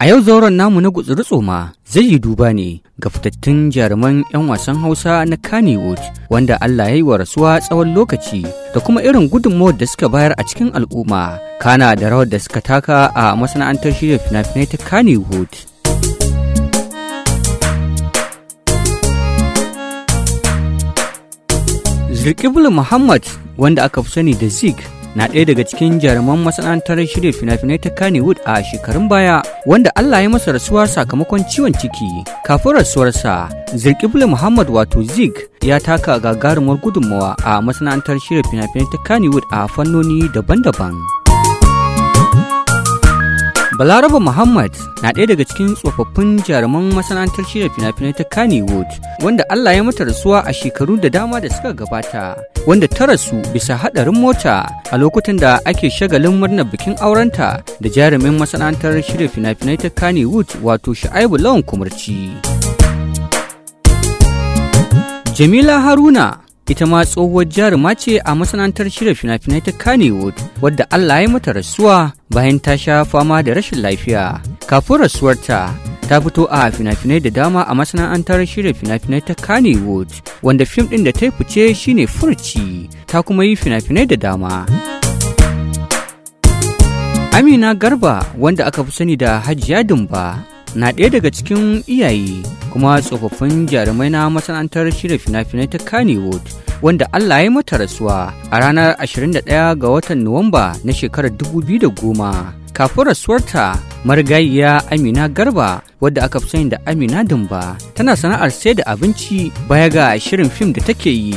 A yau zauren namu na gutsuri tsoma zai yi duba ne ga fitattun jaruman 'yan wasan Hausa na Kannywood wanda Allah ya yi wa rasuwa tsawon lokaci da kuma irin gudunmawar da suka bayar a cikin al'umma kana da rawar da suka taka a masana'antar shirya fina-finai ta Kannywood. Zirkibul Muhammad wanda aka fi sani da Zig na ɗaya daga cikin jaruman masana'antar shirya fina-finai ta Kannywood a shekarun baya wanda Allah ya masa rasuwa sakamakon ciwon ciki. Kafin rasuwarsa, Zirkibli Muhammad wato Zig ya taka gagarumar gudunmawa a masana'antar shirya fina-finai ta Kannywood a fannoni daban-daban. Balaraba Muhammad na ɗaya daga cikin tsofaffin jaruman masana'antar shirya fina-finai ta Kannywood wanda Allah ya mata rasuwa a shekaru da dama da suka gabata wanda ta rasu bisa haɗarin mota a lokutan da ake shagalin murnar bikin aurenta da jarumin masana'antar shirya fina-finai ta Kannywood wato Sha'ibu Lawan Kumurci. Jamila Haruna ita ma tsohuwar jaruma ce a masana'antar shirya fina-finai ta Kannywood wadda allah ya mata rasuwa bayan ta sha fama da rashin lafiya kafin rasuwarta ta fito a fina-finai da dama a masana'antar shirya fina-finai ta Kannywood, wanda fim ɗin da ta yi fice shine furci ta kuma yi fina-finai da dama amina garba wanda aka fi sani da hajiya dumba na ɗaya daga cikin iyaye kuma tsofaffin jarumai na masana'antar shirya fina-finai ta Kannywood wanda Allah ya mata rasuwa a ranar 21 ga watan Nuwamba na shekarar 2010. Kafin rasuwarta marigayiya Amina Garba wadda aka fi sani da Amina Dumba tana sana'ar sai da abinci baya ga shirin fim da take yi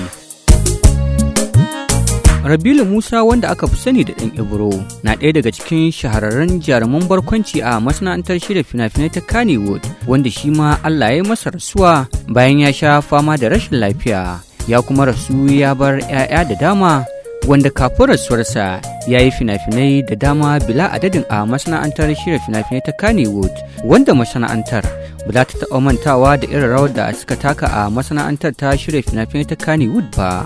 Rabilu Musa wanda aka fi sani da ɗan Ibro na ɗaya daga cikin shahararren jaruman barkwanci a masana'antar shirya fina-finai ta Kannywood wanda shi ma Allah ya masa rasuwa bayan ya sha fama da rashin lafiya ya kuma rasu ya bar 'ya'ya da dama wanda kafin rasuwarsa ya yi fina-finai da dama bila adadin a masana'antar shirya fina-finai ta Kannywood wanda masana'antar ba ta taɓa mantawa da irin rawar da suka taka a masana'antar ta shirya fina-finai ta Kannywood ba.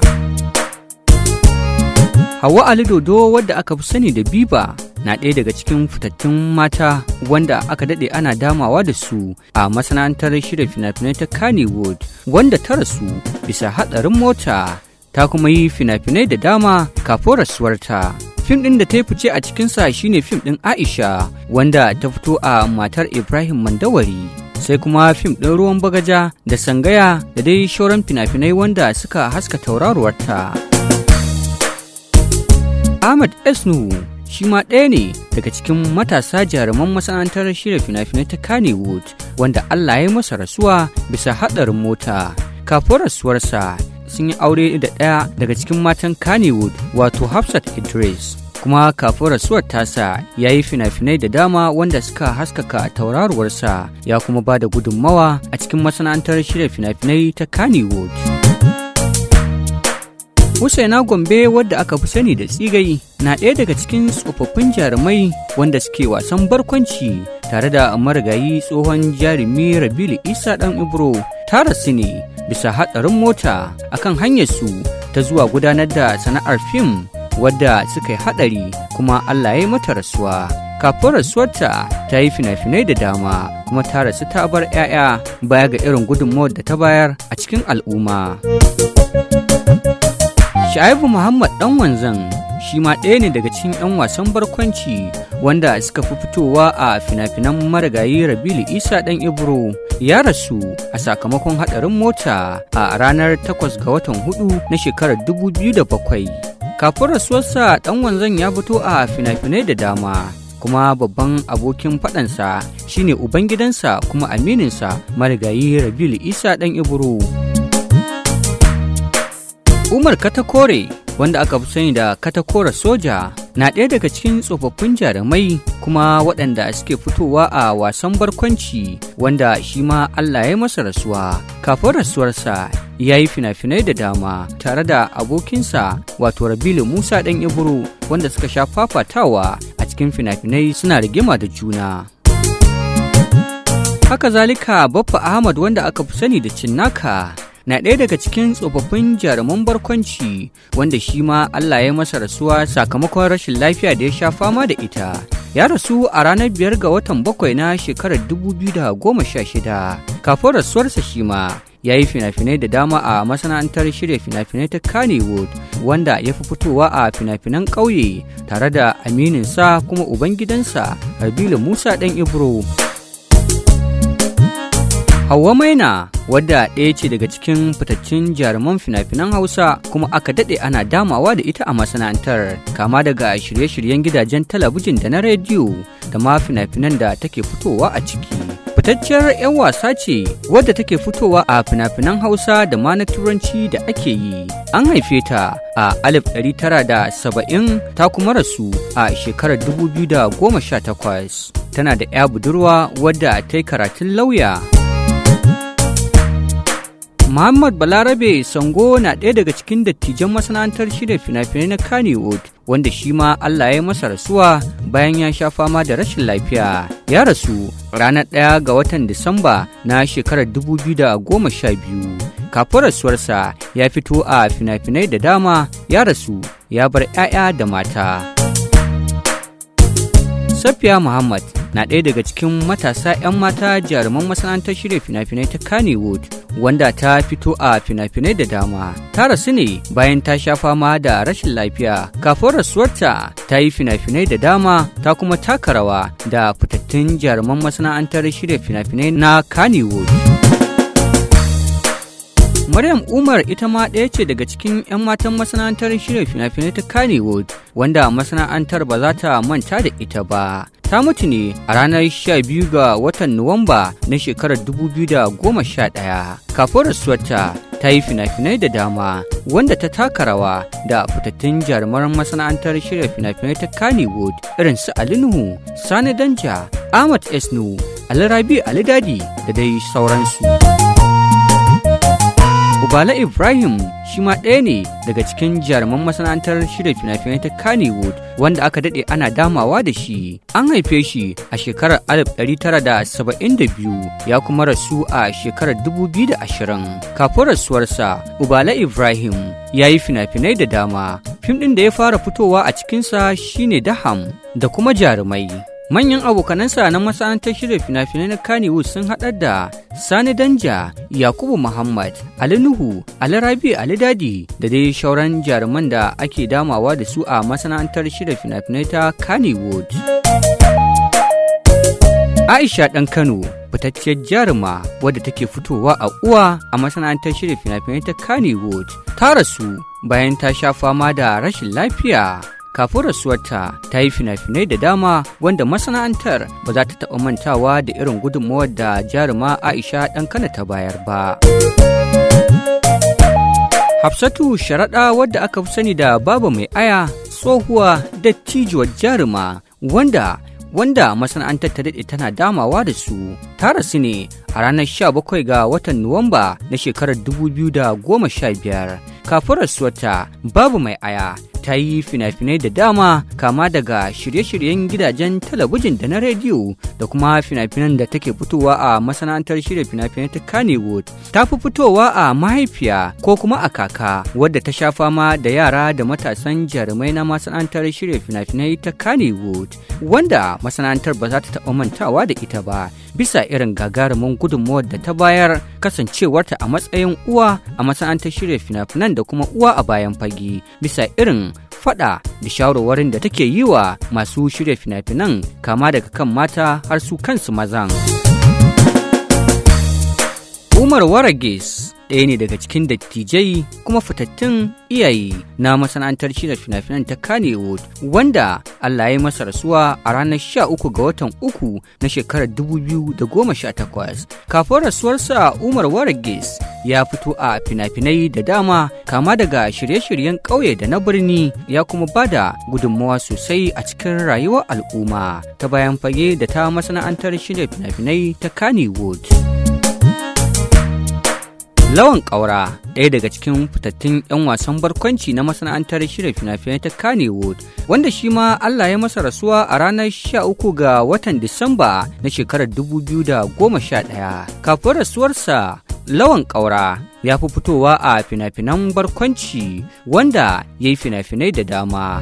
Hawa Ali Dodo wadda aka fi sani da Biba na ɗaya daga cikin fitattun mata wanda aka daɗe ana damawa da su a masana'antar shirin fina-finai ta Kannywood wanda ta rasu bisa hatsarin mota ta kuma yi fina-finai da dama kafin rasuwarta. Fim ɗin da ta yi fice a cikinsa shine fim ɗin Aisha wanda ta fito a matar Ibrahim Mandawari. sai kuma fim ɗin ruwan bagaja da sangaya da dai shauran fina-finai wanda suka haska tauraruwarta. Ahmad Esnu shi ma ɗaya ne daga cikin matasa jaruman masana'antar shirya fina-finai ta Kannywood wanda Allah ya masa rasuwa bisa haɗarin mota. Kafin rasuwarsa sun yi aure da ɗaya daga cikin matan Kannywood wato Hafsat Idris. kuma kafin rasuwar tasa ya yi fina-finai da dama wanda suka haskaka tauraruwarsa ya kuma ba da gudunmawa a cikin masana'antar shirya fina-finai ta Kannywood. Husaina Gombe wadda aka fi sani da tsigai, na ɗaya daga cikin tsofaffin jarumai wanda suke wasan barkwanci tare da marigayi tsohon jarumi Rabilu Isa ɗan Ibro tara su ne bisa hatsarin mota akan hanyar su ta zuwa gudanar da sana'ar fim wadda suka yi haɗari kuma Allah ya yi mata rasuwa. Kafin rasuwarta ta yi fina-finai da dama kuma ta rasu ta bar 'ya'ya baya ga irin gudunmawar da ta bayar a cikin al'umma. Sha'ibu Muhammad ɗan wanzan shi ma ɗaya ne daga cikin 'yan wasan barkwanci wanda suka fi fitowa a fina-finan marigayi Rabilu Isa ɗan Ibro ya rasu a sakamakon haɗarin mota a ranar 8 ga watan hudu na shekarar 2007. Kafin rasuwarsa ɗan wanzan ya fito a finafinai da dama. kuma babban abokin faɗansa shine ubangidansa kuma amininsa marigayi rabilu isa ɗan ibro Umar Katakore wanda aka fi sani da Katakore Soja na ɗaya daga cikin tsofaffin jarumai kuma waɗanda suke fitowa a wasan barkwanci wanda shi ma Allah ya masa rasuwa. Kafin rasuwarsa ya yi fina-finai da dama tare da abokinsa wato Rabilu Musa ɗan Ibro wanda suka sha fafatawa a cikin fina-finai suna rigima da juna. Haka zalika Baffa Ahmad wanda aka fi sani da Cinnaka na ɗaya daga cikin tsofaffin jaruman barkwanci wanda shi ma Allah ya masa rasuwa sakamakon rashin lafiya da ya sha fama da ita. Ya rasu a ranar biyar ga watan bakwai na shekarar dubu biyu da goma sha 2016 kafin rasuwarsa shi ma ya yi fina-finai da dama a masana'antar shirya fina-finai ta Kannywood wanda ya fi fitowa a fina-finan ƙauye tare da aminin sa kuma ubangidansa Habilu Musa ɗan Ibro. Hauwa Maina wadda ɗaya ce daga cikin fitaccen jaruman fina-finan Hausa kuma aka daɗe ana damawa da ita a masana'antar kama daga shirye-shiryen gidajen talabijin da na rediyo da ma fina-finan da take fitowa a ciki. Fitacciyar 'yan wasa ce wadda take fitowa a fina-finan Hausa da ma na Turanci da ake yi. An haife ta a 1970 ta kuma rasu a shekarar 2018. Tana da 'ya budurwa wadda ta yi karatun lauya. Muhammad Balarabe Sango na ɗaya daga cikin dattijan masana'antar shirya fina-finai na Kannywood wanda shi ma Allah ya masa rasuwa bayan ya sha fama da rashin lafiya. Ya rasu ranar ɗaya ga watan Disamba na shekarar 2012. Kafin rasuwarsa ya fito a fina-finai da dama ya rasu ya bar 'ya'ya da mata. Safiya Muhammad na ɗaya daga cikin matasa 'yan mata jaruman masana'antar shirya fina-finai ta Kannywood wanda ta fito a fina-finai da dama. Ta rasu ne bayan ta sha fama da rashin lafiya. Kafin rasuwarta ta yi fina-finai da dama ta kuma taka rawa da fitattun jaruman masana'antar shirya fina-finai na Kannywood. Maryam Umar ita ma ɗaya ce daga cikin 'yan matan masana'antar shirya fina-finai ta Kannywood wanda masana'antar ba za ta manta da ita ba. ta mutu ne a ranar 12 ga watan Nuwamba na shekarar 2011. Kafin rasuwarta ta yi fina-finai da dama wanda ta taka rawa da fitattun jarumar masana'antar shirya fina-finai ta Kannywood irin su Alinuhu, Sani Danja, Ahmad Esnu, Alrabi Alidadi da dai sauransu. Ubala Ibrahim shi ma ɗaya ne daga cikin jaruman masana'antar shirya fina-finai ta Kannywood wanda aka daɗe ana damawa da shi. An haife shi a shekarar 1972 ya kuma rasu a shekarar 2020. Kafin rasuwarsa, Ubala Ibrahim ya yi fina-finai da dama. Fim ɗin da ya fara fitowa a cikinsa shine Daham da kuma Jarumai. Manyan abokanansa na masana'antar shirya fina-finai na Kannywood sun haɗar da Sani Danja, Yakubu Muhammad, Ali Nuhu, Ali Rabi Ali Dadi da dai shauran jaruman da ake damawa da su a masana'antar shirya fina-finai ta Kannywood. Aisha ɗan Kano fitacciyar jaruma wadda take fitowa a uwa a masana'antar shirya fina-finai ta Kannywood ta rasu bayan ta sha fama da rashin lafiya. kafin rasuwarta ta yi fina-finai da dama wanda masana'antar ba za ta taɓa mantawa da irin gudunmawar da jaruma aisha ɗan kana ta bayar ba hafsatu sharaɗa wadda aka fi sani da baba mai aya tsohuwa dattijuwar jaruma wanda wanda masana'antar ta daɗe tana damawa da su ta rasu ne a ranar 17 ga watan Nuwamba na shekarar 2015 kafin rasuwarta babu mai aya ta yi fina-finai da dama kama daga shirye-shiryen gidajen talabijin da na rediyo da kuma fina-finan da take fitowa a masana'antar shirya fina-finai ta Kannywood. Ta fi fitowa a mahaifiya ko kuma a kaka wadda ta sha fama da yara da matasan jarumai na masana'antar shirya fina-finai ta Kannywood wanda masana'antar ba za ta taɓa mantawa da ita ba. bisa irin gagarumin gudunmuwar da ta bayar kasancewarta a matsayin uwa a masana'antar shirya fina-finan da kuma uwa a bayan fagi, bisa irin fada da shawarwarin da take yi wa masu shirya fina-finan kama daga kan mata har su kansu mazan. Umar Warages ɗaya ne daga cikin dattijai kuma fitattun iyaye na masana'antar shirya fina-finan ta Kannywood wanda Allah ya masa rasuwa a ranar 13 ga watan uku na shekarar 2018. Kafin rasuwarsa Umar Waragis ya fito a fina-finai da dama kama daga shirye-shiryen ƙauye da na birni ya kuma ba da gudunmawa sosai a cikin rayuwar al'umma ta bayan fage da ta masana'antar shirya fina-finai ta Kannywood. Lawan Ƙaura ɗaya daga cikin fitattun 'yan wasan barkwanci na masana'antar shirin fina-finai ta Kannywood, wanda shi ma Allah ya masa rasuwa a ranar sha uku ga watan Disamba na shekarar dubu biyu da goma sha ɗaya Kafin rasuwarsa, Lawan Ƙaura ya fi fitowa a fina-finan barkwanci wanda ya yi fina-finai da dama.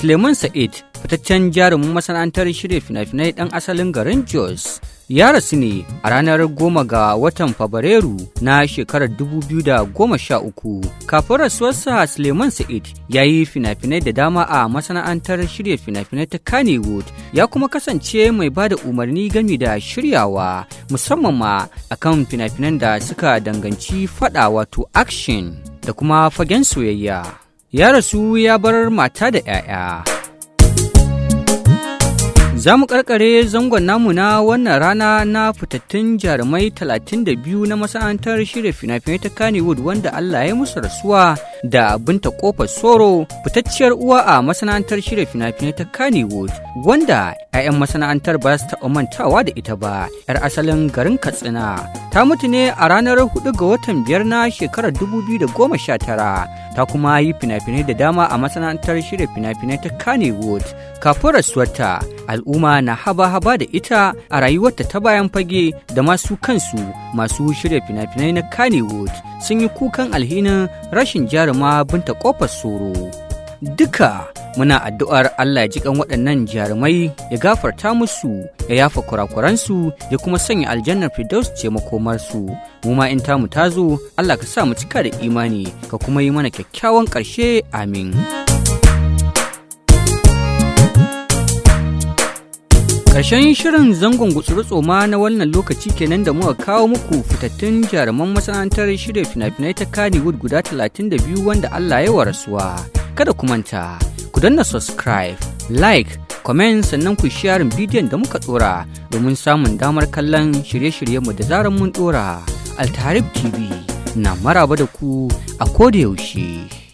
Suleiman Sa'id fitaccen jarumin masana'antar shirin fina-finai ɗan asalin garin Jos ya rasu ne a ranar goma ga watan Fabrairu na shekarar 2013. Kafin rasuwarsa Suleiman Sa'id ya yi fina-finai da dama a masana'antar shirya fina-finai ta Kannywood ya kuma kasance mai ba da umarni gami da shiryawa musamman ma a kan fina-finan da suka danganci fada wato action da kuma fagen soyayya. Ya rasu ya bar mata da 'ya'ya. Za mu karkare zangon namu na wannan rana na fitattun jarumai 32 na masana'antar shirya finafinai ta Kannywood wanda Allah ya musu rasuwa da abin ta kofar soro fitacciyar uwa a masana'antar shirya finafinai ta Kannywood wanda 'ya'yan masana'antar ba su taɓa mantawa da ita ba 'yar asalin garin Katsina. Ta mutu ne a ranar 4 ga watan biyar na shekarar 2019 ta kuma yi fina-finai da dama a masana'antar shirya fina-finai ta Kannywood kafin rasuwarta. al'umma na haba-haba da ita a rayuwarta ta bayan fage da masu kansu masu shirya fina-finai na Kannywood sun yi kukan alhinin rashin jaruma binta kofar soro. Duka muna addu'ar Allah ya jikan waɗannan jarumai ya gafarta musu ya yafa kurakuransu ya kuma sanya aljannar Firdaus ce makomarsu. Mu ma in tamu tazo Allah ka sa mu cika da imani ka kuma yi mana kyakkyawan ƙarshe amin. Ƙarshen shirin zangon gutsuru tsoma na wannan lokaci kenan da muka kawo muku fitattun jaruman masana'antar shirya fina-finai ta Kannywood guda 32 wanda Allah ya wa rasuwa. Kada ku manta, ku danna subscribe, like, comment sannan ku sharin bidiyon da muka tsora domin samun damar kallon shirye-shiryenmu da zarar mun tsora. Altarib TV na maraba da ku a koda yaushe.